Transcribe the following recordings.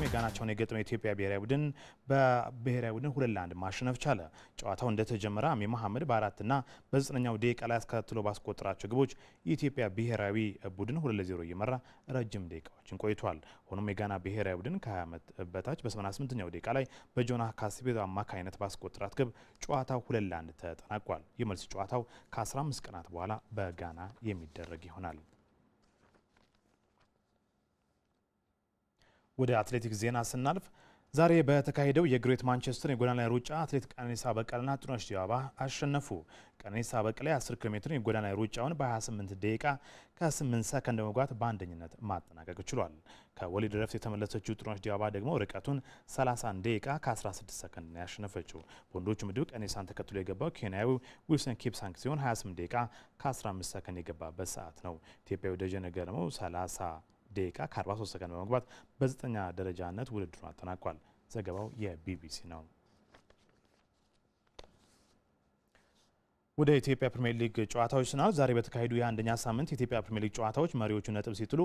በፍጻሜ ጋናቸውን የገጥመው የኢትዮጵያ ብሔራዊ ቡድን በብሔራዊ ቡድን ሁለት ለአንድ ማሸነፍ ቻለ። ጨዋታው እንደተጀመረ አሚ መሐመድ በአራትና በዘጠነኛው ደቂቃ ላይ አስከትሎ ባስቆጠራቸው ግቦች የኢትዮጵያ ብሔራዊ ቡድን ሁለት ለዜሮ እየመራ ረጅም ደቂቃዎችን ቆይቷል። ሆኖም የጋና ብሔራዊ ቡድን ከ20 ዓመት በታች በ88ኛው ደቂቃ ላይ በጆና ካሲቤቶ አማካኝነት ባስቆጠራት ግብ ጨዋታው ሁለት ለአንድ ተጠናቋል። የመልስ ጨዋታው ከ15 ቀናት በኋላ በጋና የሚደረግ ይሆናል። ወደ አትሌቲክስ ዜና ስናልፍ ዛሬ በተካሄደው የግሬት ማንቸስተር የጎዳና ላይ ሩጫ አትሌት ቀነኒሳ በቀለና ጥሩነሽ ዲባባ አሸነፉ። ቀነኒሳ በቀለ 10 ኪሎ ሜትር የጎዳና ላይ ሩጫውን በ28 ደቂቃ ከ8 ሰከንድ መጓት በአንደኝነት ማጠናቀቅ ችሏል። ከወሊድ ረፍት የተመለሰችው ጥሩነሽ ዲባባ ደግሞ ርቀቱን 31 ደቂቃ ከ16 ሰከንድ ነው ያሸነፈችው። በወንዶቹ ምድብ ቀነኒሳን ተከትሎ የገባው ኬንያዊ ዊልሰን ኬፕሳንክ ሲሆን 28 ደቂቃ ከ15 ሰከንድ የገባበት ሰዓት ነው። ኢትዮጵያዊ ደጀነ ገረመው 30 ደቂቃ ከ43 ሰከንድ በመግባት በዘጠኛ ደረጃነት ውድድሩን አጠናቋል። ዘገባው የቢቢሲ ነው። ወደ ኢትዮጵያ ፕሪምየር ሊግ ጨዋታዎች ስናል ዛሬ በተካሄዱ የአንደኛ ሳምንት የኢትዮጵያ ፕሪምየር ሊግ ጨዋታዎች መሪዎቹ ነጥብ ሲጥሉ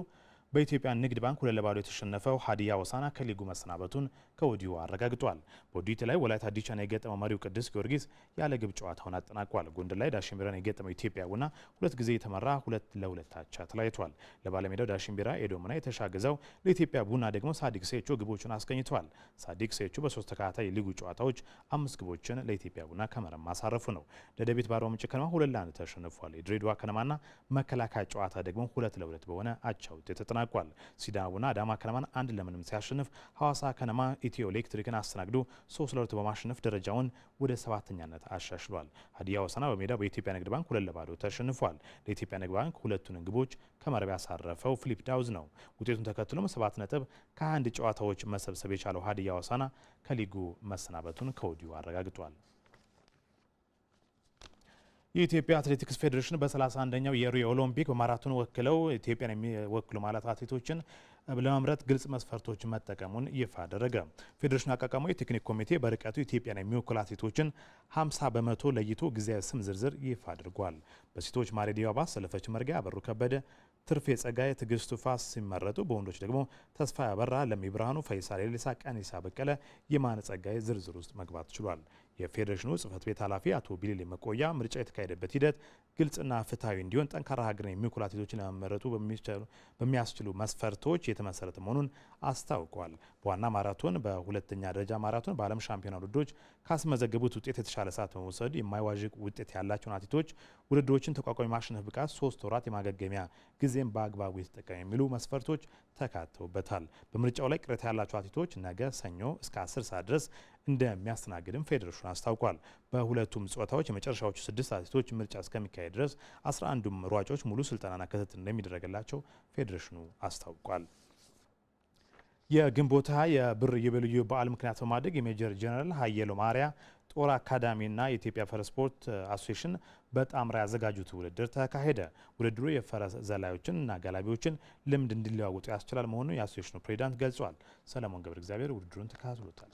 በኢትዮጵያ ንግድ ባንክ ሁለት ለባዶ የተሸነፈው ሀዲያ ወሳና ከሊጉ መሰናበቱን ከወዲሁ አረጋግጧል። በወዲት ላይ ወላይታ ዲቻን የገጠመው መሪው ቅዱስ ጊዮርጊስ ያለ ግብ ጨዋታውን አጠናቋል። ጎንደር ላይ ዳሽን ቢራን የገጠመው ኢትዮጵያ ቡና ሁለት ጊዜ የተመራ ሁለት ለሁለት አቻ ተለያይቷል። ለባለሜዳው ዳሽን ቢራ ኤዶምና የተሻገዘው ለኢትዮጵያ ቡና ደግሞ ሳዲቅ ሴቾ ግቦቹን አስገኝተዋል። ሳዲቅ ሴቾ በሶስት ተከታታይ የሊጉ ጨዋታዎች አምስት ግቦችን ለኢትዮጵያ ቡና ከመረብ ማሳረፉ ነው። ደደቢት በአርባ ምንጭ ከነማ ሁለት ለአንድ ተሸንፏል። የድሬዳዋ ከነማና መከላከያ ጨዋታ ደግሞ ሁለት ለሁለት በሆነ አቻ ውጤት ተጠናቋል። ሲዳቡና አዳማ ከነማን አንድ ለምንም ሲያሸንፍ ሐዋሳ ከነማ ኢትዮ ኤሌክትሪክን አስተናግዶ ሶስት ለሁለት በማሸነፍ ደረጃውን ወደ ሰባተኛነት አሻሽሏል። ሀዲያ ሆሳዕና በሜዳው በኢትዮጵያ ንግድ ባንክ ሁለት ለባዶ ተሸንፏል። ለኢትዮጵያ ንግድ ባንክ ሁለቱን ግቦች ከመረብ ያሳረፈው ፊሊፕ ዳውዝ ነው። ውጤቱን ተከትሎም ሰባት ነጥብ ከአንድ ጨዋታዎች መሰብሰብ የቻለው ሀዲያ ሆሳዕና ከሊጉ መሰናበቱን ከወዲሁ አረጋግጧል። የኢትዮጵያ አትሌቲክስ ፌዴሬሽን በ31ኛው የሪዮ ኦሎምፒክ በማራቶን ወክለው ኢትዮጵያን የሚወክሉ ማለት አትሌቶችን ለመምረጥ ግልጽ መስፈርቶች መጠቀሙን ይፋ አደረገ። ፌዴሬሽኑ ያቋቋመው የቴክኒክ ኮሚቴ በርቀቱ ኢትዮጵያን የሚወክሉ አትሌቶችን 50 በመቶ ለይቶ ጊዜያዊ ስም ዝርዝር ይፋ አድርጓል። በሴቶች ማሬ ዲባባ፣ ሰለፈች መርጊያ፣ አበሩ ከበደ፣ ትርፌ ጸጋዬ፣ ትግስቱ ፋስ ሲመረጡ በወንዶች ደግሞ ተስፋ ያበራ፣ ለሚ ብርሃኑ፣ ፈይሳ ሌሊሳ፣ ቀኒሳ በቀለ፣ የማነ ጸጋይ ዝርዝር ውስጥ መግባት ችሏል። የፌዴሬሽኑ ጽህፈት ቤት ኃላፊ አቶ ቢሌሌ መቆያ ምርጫ የተካሄደበት ሂደት ግልጽና ፍትሐዊ እንዲሆን ጠንካራ ሀገርን የሚወክሉ አትሌቶችን ለመመረጡ በሚያስችሉ መስፈርቶች የተመሰረተ መሆኑን አስታውቋል። በዋና ማራቶን፣ በሁለተኛ ደረጃ ማራቶን በዓለም ሻምፒዮና ውድድሮች ካስመዘገቡት ውጤት የተሻለ ሰዓት በመውሰድ የማይዋዥቅ ውጤት ያላቸውን አትሌቶች ውድድሮችን ተቋቋሚ ማሸነፍ ብቃት ሶስት ወራት የማገገሚያ ጊዜም በአግባቡ የተጠቀመ የሚሉ መስፈርቶች ተካተውበታል። በምርጫው ላይ ቅሬታ ያላቸው አትሌቶች ነገ ሰኞ እስከ 10 ሰዓት ድረስ እንደሚያስተናግድም ፌዴሬሽኑ አስታውቋል። በሁለቱም ጾታዎች የመጨረሻዎቹ ስድስት አትሌቶች ምርጫ እስከሚካሄድ ድረስ አስራ አንዱም ሯጮች ሙሉ ስልጠናና ክትትል እንደሚደረግላቸው ፌዴሬሽኑ አስታውቋል። የግንቦት ሃያ የብር ኢዮቤልዩ በዓል ምክንያት በማድረግ የሜጀር ጀነራል ሀየሎ ማርያ ጦር አካዳሚና የኢትዮጵያ ፈረስ ስፖርት አሶሴሽን በጣምራ ያዘጋጁት ውድድር ተካሄደ። ውድድሩ የፈረስ ዘላዮችንና ጋላቢዎችን ልምድ እንዲለዋወጡ ያስችላል መሆኑን የአሶሴሽኑ ፕሬዚዳንት ገልጿል። ሰለሞን ገብረ እግዚአብሔር ውድድሩን ተከታትሎታል።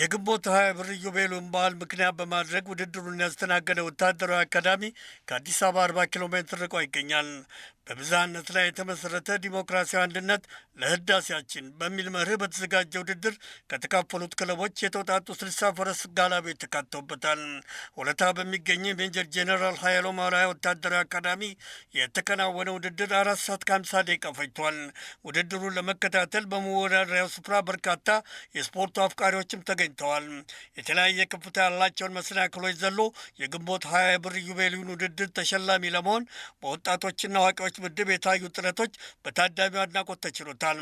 የግንቦት ሀያ ብር ኢዮቤልዩን በዓል ምክንያት በማድረግ ውድድሩን ያስተናገደ ወታደራዊ አካዳሚ ከአዲስ አበባ 40 ኪሎ ሜትር ርቆ ይገኛል። በብዝሃነት ላይ የተመሰረተ ዲሞክራሲያዊ አንድነት ለህዳሴያችን በሚል መርህ በተዘጋጀ ውድድር ከተካፈሉት ክለቦች የተውጣጡ ስልሳ ፈረስ ጋላቢዎች ተካተውበታል። ሁለታ በሚገኘው ሜጀር ጄኔራል ሀያሎ ማርያ ወታደራዊ አካዳሚ የተከናወነ ውድድር አራት ሰዓት ከአምሳ ደቂቃ ፈጅቷል። ውድድሩን ለመከታተል በመወዳደሪያው ስፍራ በርካታ የስፖርቱ አፍቃሪዎችም ተገ ተገኝተዋል። የተለያየ ከፍታ ያላቸውን መሰናክሎች ዘሎ የግንቦት ሀያ የብር ኢዮቤልዩን ውድድር ተሸላሚ ለመሆን በወጣቶችና አዋቂዎች ምድብ የታዩ ጥረቶች በታዳሚው አድናቆት ተችሎታል።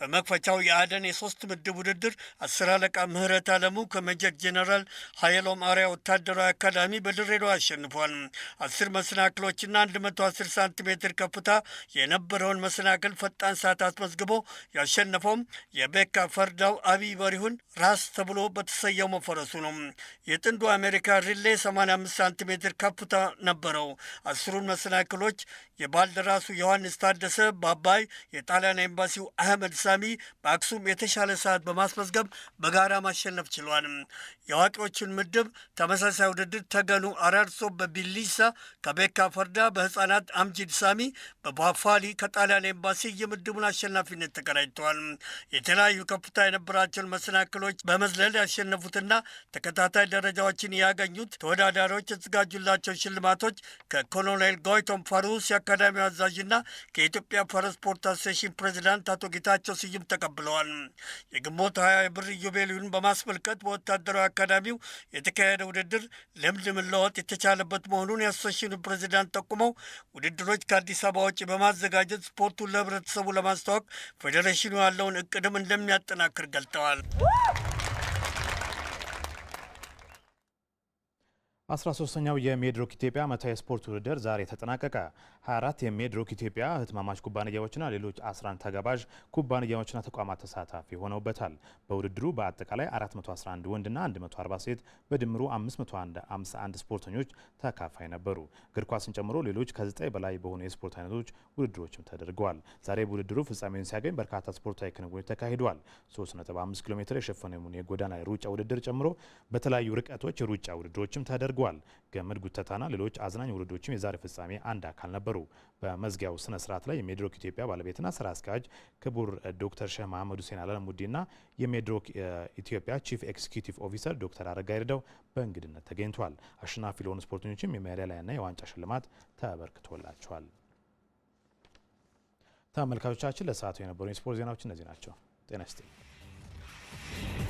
በመክፈቻው የአደን የሶስት ምድብ ውድድር አስር አለቃ ምህረት አለሙ ከሜጀር ጄኔራል ሀየሎም አርያ ወታደራዊ አካዳሚ በድሬዳዋ አሸንፏል። አስር መሰናክሎችና አስር ሳንቲሜትር ከፍታ የነበረውን መሰናክል ፈጣን ሰዓት አስመዝግቦ ያሸነፈውም የቤካ ፈርዳው አብይ በሪሁን ራስ ተብሎ በተሰየው መፈረሱ ነው። የጥንዱ አሜሪካ ሪሌ 85 ሳንቲሜትር ከፍታ ነበረው። አስሩን መሰናክሎች የባልደራሱ ዮሐንስ ታደሰ በአባይ የጣሊያን ኤምባሲው አህመድ ሳሚ በአክሱም የተሻለ ሰዓት በማስመዝገብ በጋራ ማሸነፍ ችሏል። የአዋቂዎቹን ምድብ ተመሳሳይ ውድድር ተገኑ አራርሶ በቢሊሳ ከቤካ ፈርዳ በህፃናት አምጂድ ሳሚ በባፋሊ ከጣሊያን ኤምባሲ የምድቡን አሸናፊነት ተቀዳጅተዋል። የተለያዩ ከፍታ የነበራቸውን መሰናክሎች በመዝለል ያሸነፉትና ተከታታይ ደረጃዎችን ያገኙት ተወዳዳሪዎች የተዘጋጁላቸው ሽልማቶች ከኮሎኔል ጎይቶም ፈሩስ የአካዳሚው አዛዥና ከኢትዮጵያ ፈረስፖርት አሶሴሽን ፕሬዚዳንት አቶ ጌታቸው ስዩም ተቀብለዋል። የግንቦት ሀያ የብር ኢዮቤልዩን በማስመልከት በወታደራዊ አካዳሚው የተካሄደ ውድድር ልምድ ለወጥ የተቻለበት መሆኑን የአሶሴሽኑ ፕሬዚዳንት ጠቁመው ውድድሮች ከአዲስ አበባ ውጭ በማዘጋጀት ስፖርቱን ለህብረተሰቡ ለማስተዋወቅ ፌዴሬሽኑ ያለውን እቅድም እንደሚያጠናክር ገልጠዋል። 13ኛው የሜድሮክ ኢትዮጵያ ዓመታዊ የስፖርት ውድድር ዛሬ ተጠናቀቀ። 24 የሜድሮክ ኢትዮጵያ እህትማማች ኩባንያዎችና ሌሎች 11 ተጋባዥ ኩባንያዎችና ተቋማት ተሳታፊ ሆነውበታል። በውድድሩ በአጠቃላይ 411 ወንድና 140 ሴት በድምሩ 551 ስፖርተኞች ተካፋይ ነበሩ። እግር ኳስን ጨምሮ ሌሎች ከ9 በላይ በሆኑ የስፖርት አይነቶች ውድድሮችም ተደርገዋል። ዛሬ በውድድሩ ፍጻሜውን ሲያገኝ በርካታ ስፖርታዊ ክንውኖች ተካሂደዋል። 3.5 ኪሎ ሜትር የሸፈነውን የጎዳና ሩጫ ውድድር ጨምሮ በተለያዩ ርቀቶች የሩጫ ውድድሮችም ተደርገዋል። አድርጓል። ገመድ ጉተታና ሌሎች አዝናኝ ውርዶችም የዛሬ ፍጻሜ አንድ አካል ነበሩ። በመዝጊያው ስነ ስርዓት ላይ የሜድሮክ ኢትዮጵያ ባለቤትና ስራ አስኪያጅ ክቡር ዶክተር ሼህ መሐመድ ሁሴን አለሙዲና የሜድሮክ ኢትዮጵያ ቺፍ ኤክስኪዩቲቭ ኦፊሰር ዶክተር አረጋ ይርዳው በእንግድነት ተገኝቷል። አሸናፊ ለሆኑ ስፖርተኞችም የሜዳሊያና የዋንጫ ሽልማት ተበርክቶላቸዋል። ተመልካቾቻችን ለሰዓቱ የነበሩ የስፖርት ዜናዎች እነዚህ ናቸው። ጤና ይስጥልኝ።